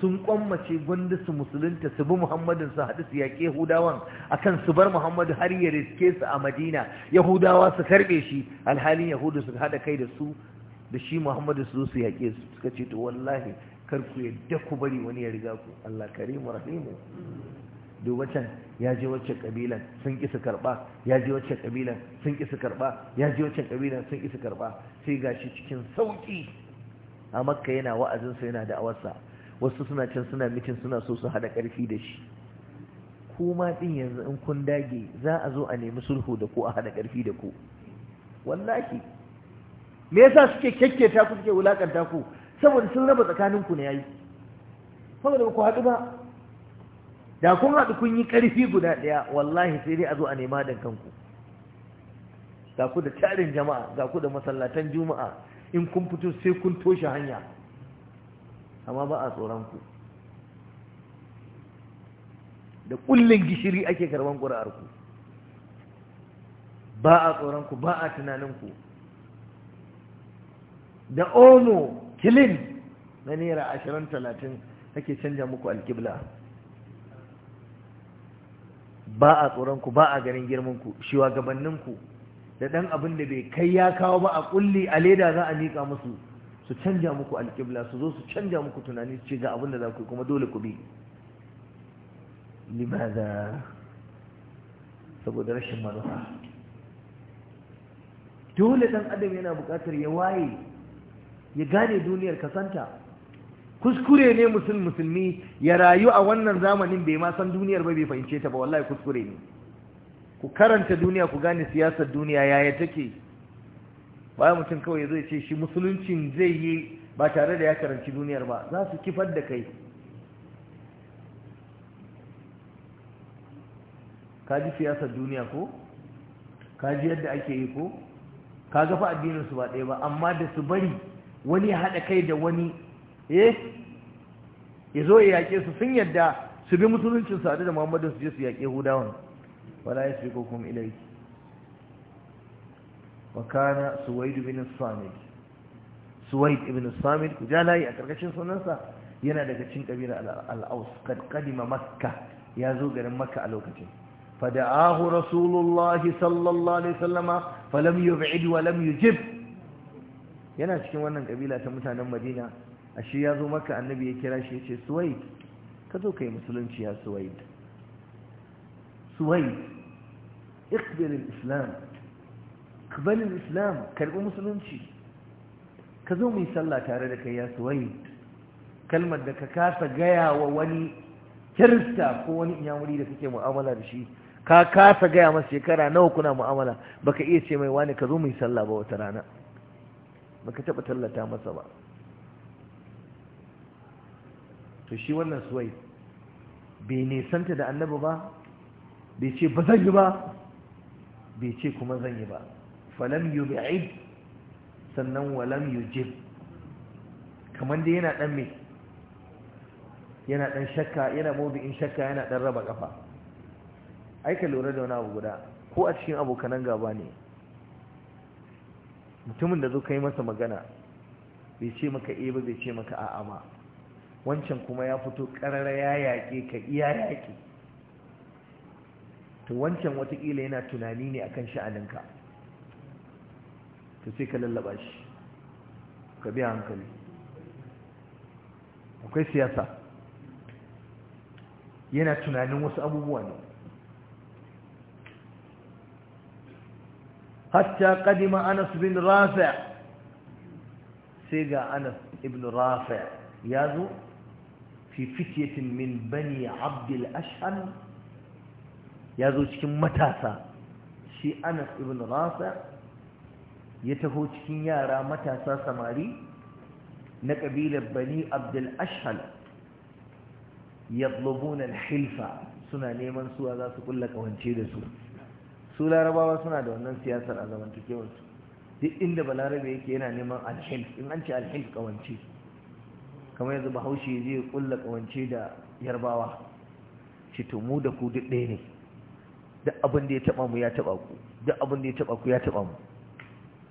sun kwammace gwanda su musulunta su bi muhammadin su haɗu su yaƙi yahudawan akan su bar muhammadu har ya riske su a madina yahudawa su karɓe shi alhalin yahudu su haɗa kai da su da shi muhammadu su su yaƙe su suka ce to wallahi kar ku yadda ku bari wani ya riga ku Allah karimu rahimu duba can ya je wacce kabilan sun ki su karba ya je wacce kabilan sun ki su karba ya je wacce kabila sun ki su karba sai gashi cikin sauki a makka yana wa'azin sa yana awarsa, wasu suna can suna mitin suna so su hada karfi da shi ma din yanzu in kun dage za a zo a nemi sulhu da ku a hada karfi da ku wallahi me yasa suke kekketa ku suke wulakanta ku saboda sun raba tsakaninku ne yayi saboda ku haɗu ba da kun haɗu kun yi ƙarfi guda ɗaya wallahi sai dai a zo a nema da kanku ga ku da tarin jama'a ga ku da masallatan juma'a in kun fito sai kun toshe hanya amma ba a tsoron ku da kullun gishiri ake karban ku ba a ku ba a tunaninku da ono kilin na naira ashirin talatin ake canja muku alkibla ba a tsoronku ba a ganin girminku shugabanninku da ɗan abin da bai kai ya kawo ba a ƙulli a leda za a miƙa musu su canja muku alkibla su zo su canja muku tunani su ce ga abin da za ku yi kuma dole ku bi limaza saboda rashin manufa dole ɗan adam yana buƙatar ya waye ya gane duniyar kasanta kuskure ne musulmi musulmi ya rayu a wannan zamanin bai ma san duniyar ba bai fahimce ta ba wallahi kuskure ne ku karanta duniya ku gane siyasar duniya yaya take baya mutum kawai zai ce shi musuluncin zai yi ba tare da ya karanci duniyar ba za su kifar da kai kaji siyasar duniya ko kaji yadda ake yi ko ka addinin su ba ɗaya ba amma da su bari wani ya haɗa kai da wani eh ya zo ya yaƙe su sun yadda su bi musuluncin su da muhammadu su je su yaƙe hudawan wala ya ko kuma ilai wa suwaid ibn samit suwaid ibn samit ku ja a ƙarƙashin sunansa yana daga cikin ƙabilar al'aus kad makka ya zo garin makka a lokacin fada'ahu rasulullahi sallallahu alaihi wasallama falam yub'id wa lam yujib yana cikin wannan kabila ta mutanen madina ashe ya zo maka annabi ya kira shi ya ce suwaid ka zo ka yi musulunci ya suwaid suwaid ikbirin islam kabalin islam karbi musulunci ka zo mai sallah tare da kai ya suwaid kalmar da ka kasa gaya wa wani kirista ko wani inyamuri da kake mu'amala da shi ka kasa gaya masa shekara nawa kuna mu'amala baka iya ce mai wani ka zo mai sallah ba wata rana baka taba tallata masa ba to shi wannan suwai bai nisanta da annabi ba bai ce ba zan yi ba bai ce kuma zan yi ba falam bi'id sannan walam jib kamar dai yana dan me yana dan shakka yana mawdu'in shakka yana dan raba kafa ai ka lura da wani abu guda ko a cikin abokanan gaba ne mutumin da zo kai masa magana bai ce maka eh ba bai ce maka A ama wancan kuma ya fito karara ya yaƙe ka iya yaƙe to wancan watakila yana tunani ne akan sha'aninka to sai ka lallaba shi ka biya hankali akwai siyasa yana tunanin wasu abubuwa ne hatta kadima anas bin rafi' sai ga anas ibn rafi' ya zo fi min bani abdul ashhal ya zo cikin matasa shi anas ibn rafi' ya taho cikin yara matasa samari na ƙabilar bani abdul Ashad yatlubuna al-hilfa suna neman suwa za su kulla kawance da su su larabawa suna da wannan siyasar a zamantakewarsu duk inda balarabe yake yana neman alhil in an ce alhil kawance kamar yanzu bahaushe zai kulla kawance da yarbawa shi to mu da ku duk ɗaya ne duk abin da ya taba mu ya taba ku duk abin da ya taba ku ya taba mu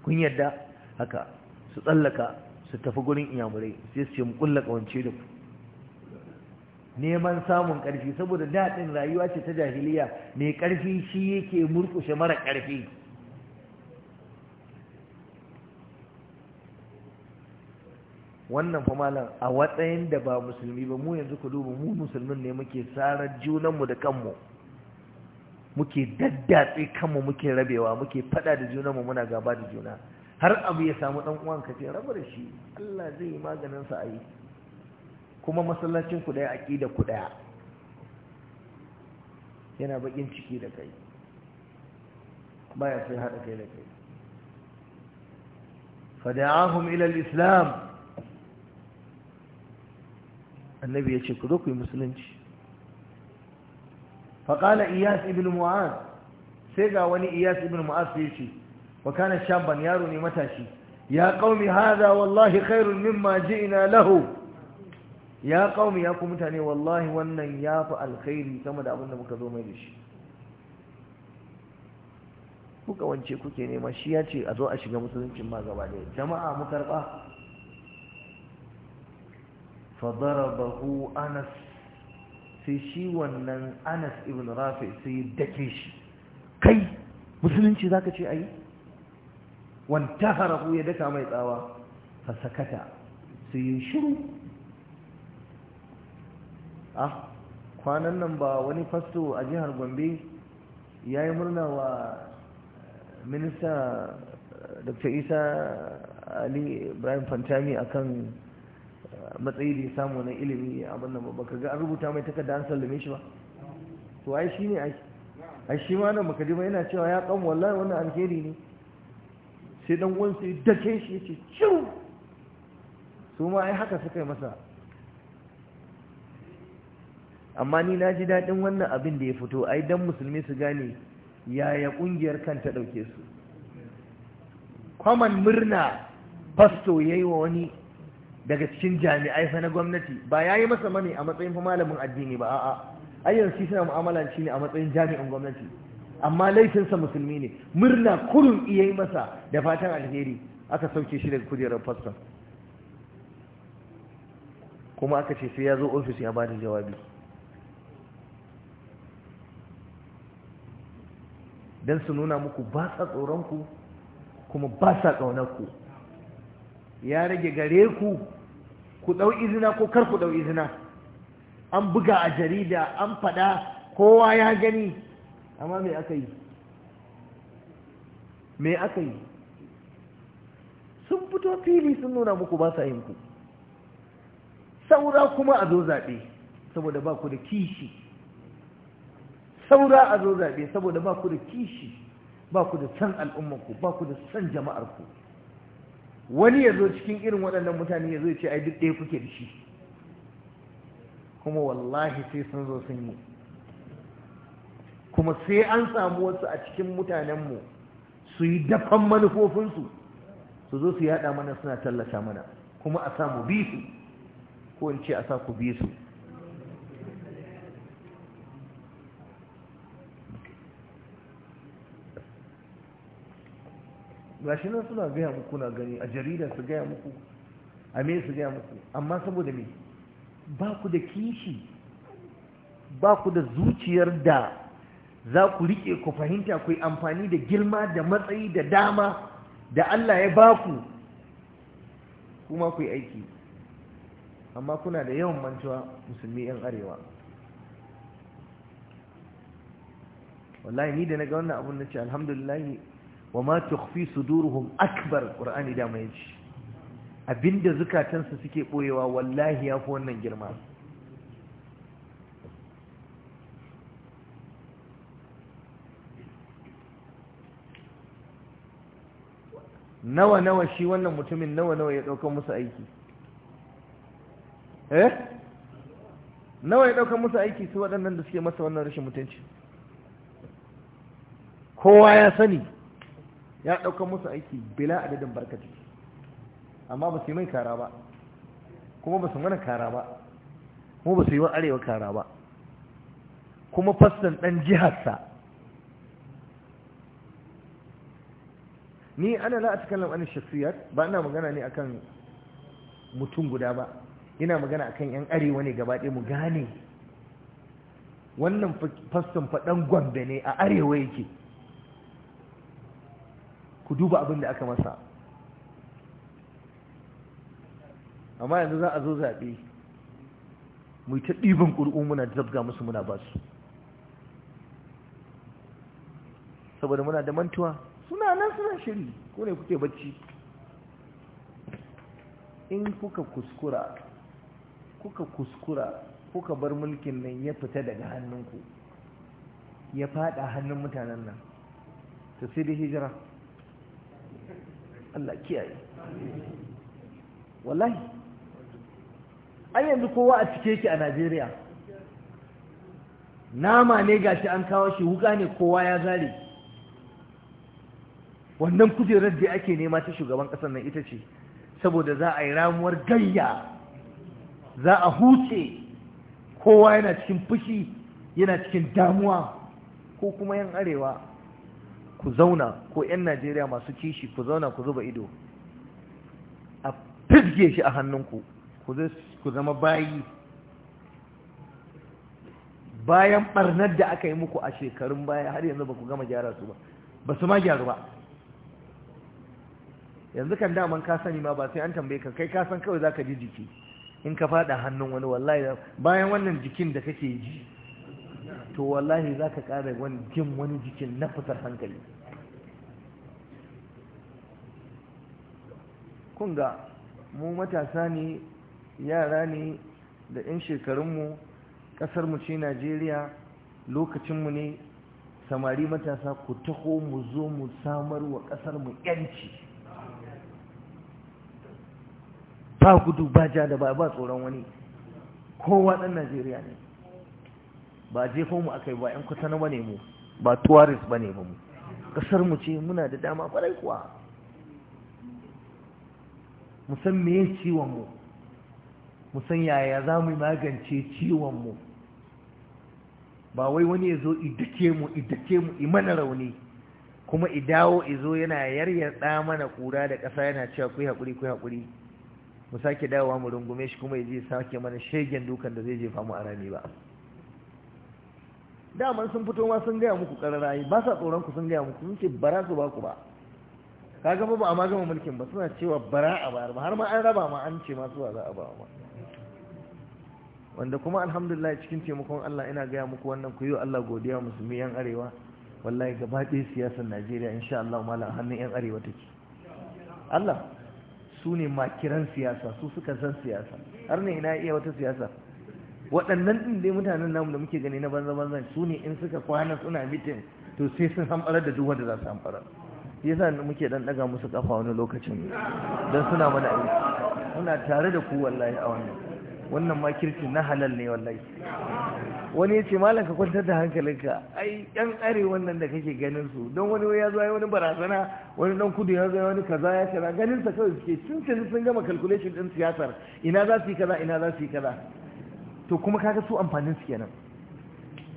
kun yadda haka su tsallaka su tafi gurin iyamurai sai su ce mu kulla kawance da ku neman samun ƙarfi saboda daɗin rayuwa ce ta jahiliya mai ƙarfi shi yake murƙushe mara ƙarfi wannan famalan a watsayin da ba musulmi ba mu yanzu ku duba mu musulmin ne muke sarar junanmu da kanmu muke daddatse kanmu muke rabewa muke fada da junanmu muna gaba da juna har abu ya samu ɗan uwanka ce raba da shi Allah zai yi maganin sa kuma masallacin ku daya aqida ku daya yana bakin ciki da kai baya sai hada kai da kai fada'ahum ila al-islam annabi yace ku zo ku yi musulunci faqala iyas ibn mu'az sai ga wani iyas ibn mu'az yace wa kana shaban yaro ne matashi ya qaumi hadha wallahi khairun mimma ji'na lahu ya kaumi ya ku mutane wallahi wannan ya fi alkhairi sama da abinda muka zo mai da shi kuka wance kuke nema shi ya ce a zo a shiga musuluncin ma gaba da jama'a mu karba fa darabahu anas sai shi wannan anas ibn rafi sai dake shi kai musulunci zaka ce Wanta harahu ya daka mai tsawa fa sakata sai shiru ah kwanan nan ba wani fasto a jihar gombe ya yi murna wa eh, minista eh, dr isa ali ibrahim fantami a kan eh, matsayi da ya samu na ilimi abin nan ba ka ga an rubuta mai takarda an sallame shi ba to ai shi ne ai shi ma nan baka ji ba yana cewa ya kan wallahi wannan alheri ne sai dan uwansa ya dake shi yace ce ciu su ma ai haka suka yi masa amma ni na ji daɗin wannan abin da ya fito ai dan musulmi su gane yaya ƙungiyar kan ta ɗauke su kwaman murna fasto ya yi wa wani daga cikin jami'ai fa na gwamnati ba ya yi masa mani a matsayin fa malamin addini ba a'a a shi suna mu'amala shi ne a matsayin jami'in gwamnati amma laifinsa musulmi ne murna kurun iya yi masa da fatan alheri aka sauke shi daga kujerar faston kuma aka ce sai ya zo ofis ya ba da jawabi don su nuna muku ba sa tsoronku kuma ba sa ƙaunarku ya rage gare ku ku ɗau izina ko kar ku ɗau izina an buga a jarida an faɗa kowa ya gani amma me aka yi mai aka yi sun fito fili sun nuna muku ba sa yin saura kuma a zo zaɓe saboda ba ku da kishi saura a zo zaɓe saboda ba ku da kishi ba ku da san al'ummanku ba ku da san jama'arku wani ya zo cikin irin waɗannan mutane ya zo ce ai duk ɗaya kuke da shi kuma wallahi sai sun zo sun yi kuma sai an samu wasu a cikin mutanenmu su yi dafan manufofinsu su zo su yaɗa mana suna tallata mana kuma a samu bi su ko in ce a sa ku bi su gashi nan suna gaya muku na gani a jarida su gaya muku a me su gaya muku amma saboda me ba ku da kishi ba ku da zuciyar da za ku riƙe ku fahimta ku yi amfani da girma da matsayi da dama da Allah ya ba ku kuma ku yi aiki amma kuna da yawan mantuwa musulmi 'yan arewa wallahi ni da na ga wannan abun na ce alhamdulillahi wa ma tukhfi suduruhum akbar qur'ani da mai ji abinda su suke boyewa wallahi yafi wannan girma nawa nawa shi wannan mutumin nawa nawa ya dauka musu aiki eh nawa ya dauka musu aiki su waɗannan da suke masa wannan rashin mutunci kowa ya sani ya ɗaukar musu aiki bila adadin barkati amma ba su yi mai kara ba kuma ba su mana kara ba kuma ba su yi wa arewa kara ba kuma fassan ɗan jiharsa ni ana za a cikin lamarin shafiyar ba ina magana ne akan mutum guda ba ina magana akan yan arewa ne gaba mu gane wannan fassan faɗan gwambe ne a arewa yake ku duba abin da aka masa amma yanzu za a zo zaɓe mu ta ɗiban ƙuri'un muna zabga musu muna ba su saboda muna da mantuwa suna nan suna shiri ko ne kuke bacci in kuka kuskura kuka kuskura kuka bar mulkin nan ya fita daga hannunku ya fada hannun mutanen nan ta sai da hijira Allah kiyaye wallahi ai yanzu kowa a cike yake a Najeriya nama ne gashi an kawo shi wuka ne kowa ya zare wannan kujerar da ake nema ta shugaban ƙasar nan ita ce saboda za a yi ramuwar gayya za a huce kowa yana cikin fushi yana cikin damuwa ko kuma yan arewa ku zauna ko 'yan najeriya masu kishi ku zauna ku zuba ido a fizge shi a hannunku ku zama bayi bayan barnar da aka yi muku a shekarun baya har yanzu ba ku gama gyara su ba ba su ma gyaru ba yanzu kan daman ka sani ma ba sai an tambaye ka kai ka san kawai za ka ji jiki in ka faɗa hannun wani wallahi bayan wannan jikin da kake ji to wallahi za ka ƙara wani jin wani jikin na fitar hankali kunga mu matasa ne yara ne da 'yan shekarunmu ƙasarmu ce najeriya lokacinmu ne samari matasa ku taho mu zo mu samar wa ƙasarmu 'yanci ba gudu ba ja da ba ba tsoron wani kowa ɗan najeriya ne ba jefo mu aka yi ba ‘yan kusa ba ne mu ba tuwaris ba ne ba mu ƙasar mu ce muna da dama kwarai kuwa musan meye ciwonmu musan yaya za mu magance ciwonmu ba wai wani ya zo idake mu idake mu imana rauni kuma idawo izo yana yaryar mana kura da ƙasa yana cewa ku haƙuri ku haƙuri mu sake dawowa mu rungume shi kuma ya je sake mana shegen dukan da zai jefa mu a rami ba daman sun fito ma sun gaya muku yi ba sa tsoron ku sun gaya muku sun ce bara su ba ku ba ka gama ba a ma gama mulkin ba suna cewa bara a bayar ba har ma an raba ma an ce masu za a ba wanda kuma alhamdulillah cikin taimakon Allah ina gaya muku wannan ku yi Allah godiya musulmi yan arewa wallahi gaba ɗaya siyasar Najeriya insha Allah mala hannun yan arewa take Allah su ne makiran siyasa su suka san siyasa har ne ina iya wata siyasa waɗannan ɗin dai mutanen namu da muke gani na banza banza su ne in suka kwana suna mitin to sai sun hamɓarar da duk wanda za su hamɓarar yasa muke dan ɗaga musu kafa wani lokacin don suna mana aiki muna tare da ku wallahi a wannan wannan ma kirki na halal ne wallahi wani ya ce malam ka kwantar da hankalinka ai yan are wannan da kake ganin su don wani ya zo wani barazana wani dan kudu ya zo wani kaza ya kaza ganin sa kawai suke sun sun gama calculation din siyasar ina za su yi kaza ina za su yi kaza to kuma kaga su amfanin su kenan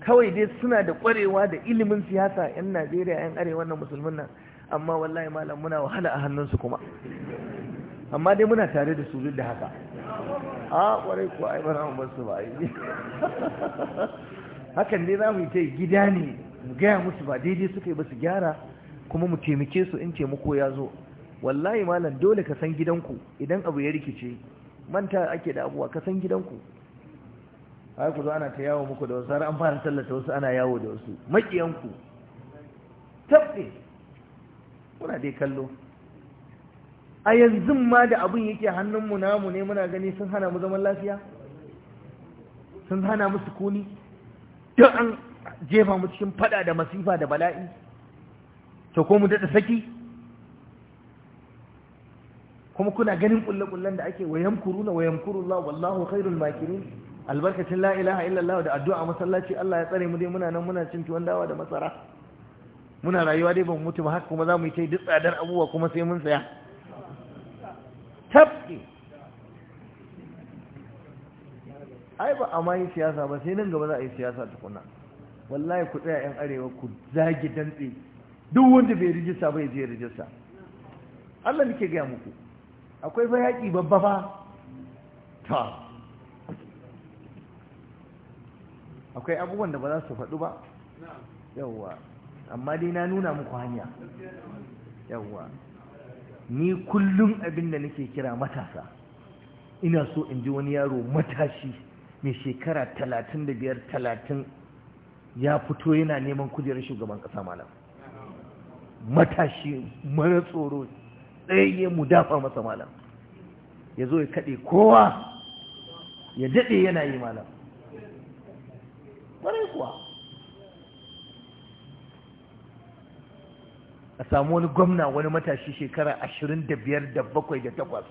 kawai dai suna da kwarewa da ilimin siyasa yan Najeriya yan arewa na musulmin nan amma wallahi malam muna wahala a hannunsu kuma amma dai muna tare da su duk da haka a kwarai ko ai bana mun su ba hakan dai za yi ta gida ne mu gaya musu ba daidai suka yi ba su gyara kuma mu taimake su in taimako ya zo wallahi malam dole ka san gidanku idan abu ya rikice manta ake da abuwa ka san gidanku ai ku zo ana ta yawo muku da wasu har an fara tallata wasu ana yawo da wasu maƙiyanku tabbe kuna dai kallo a yanzu ma da abin yake mu namu ne muna gani sun hana mu zaman lafiya sun hana mu sukuni don an jefa mu cikin fada da masifa da bala'i to ko mu daɗa saki kuma kuna ganin ƙulle-ƙullen da ake wayan kuruna wayan wallahu khairul makirin albarkacin la ilaha illallah da addu'a masallaci Allah ya tsare mu dai muna nan muna cin tuwon dawa da masara muna rayuwa dai ban mutu ba haka kuma za mu yi tai duk tsadar abubuwa kuma sai mun saya tabki ai ba a ma yi siyasa ba sai nan gaba za a yi siyasa tukuna wallahi ku tsaya yan arewa ku zagi dantse duk wanda bai rijista ba ya je rijista Allah nake gaya muku akwai bayaki babba fa ta akwai abubuwan da ba za su faɗu ba yawwa amma dai na nuna muku hanya yawwa ni kullum abin da nake kira matasa ina so in ji wani yaro matashi mai shekara talatin da biyar talatin ya fito yana neman kujerar shugaban ƙasa malam matashi mara tsoro tsaye mu dafa masa malam ya zo ya kaɗe kowa ya daɗe yana yi malam kwarai kuwa a samu wani gwamna wani matashi shekara ashirin da biyar da bakwai da takwas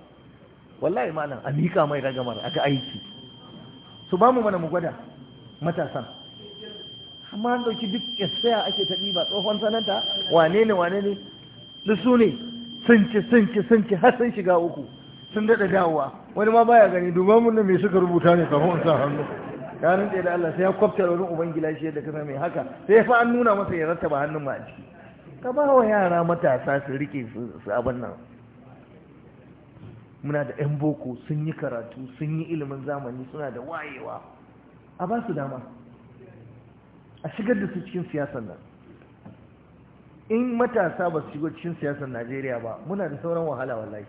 wallahi malam a miƙa mai ragamar aka aiki su ba mu mana mu gwada matasan amma an ɗauki duk ƙasaya ake taɗi ba tsohon sananta wane ne wane ne duk su ne sun ci sun ci sun ci har sun shiga uku sun daɗa dawowa wani ma baya gani domin mun mai suka rubuta ne kafin sa hannu ya rantse da Allah sai ya kwafta wani ubangila shi yadda kasa mai haka sai fa an nuna masa ya rattaba hannun ma a ciki ka ba wa yara matasa su rike su abin nan muna da yan boko sun yi karatu sun yi ilimin zamani suna da wayewa a ba su dama a shigar da su cikin siyasar nan in matasa ba su shigo cikin siyasar Najeriya ba muna da sauran wahala wallahi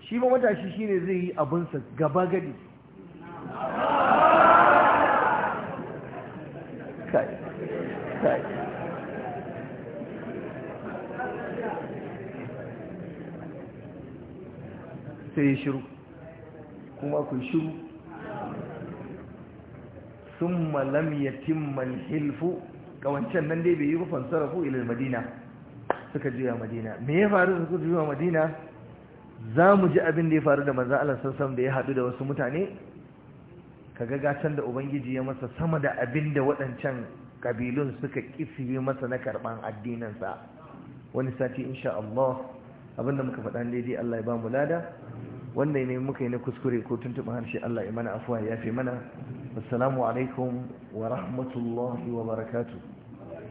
shi ba matashi ne zai yi abinsa gaba gadi kai kai sai shiru kuma ku shiru sun malam yatim malhilfu ga wancan nan dai bai yi rufan sarrafu ilil madina suka juya madina me ya faru da suka juya madina za mu ji abin da ya faru da manzan alasassan da ya haɗu da wasu mutane Ka ga gatan da ubangiji ya masa sama da abin da waɗancan ƙabilun suka kisiye masa na karɓan addininsa wani sati insha Allah abinda muka faɗa daidai Allah ya ba mu lada wanda ne muka yi na kuskure ko tuntuɓa harshe Allah ya mana afuwa ya fi mana assalamu alaikum wa rahmatullahi wa barakatuh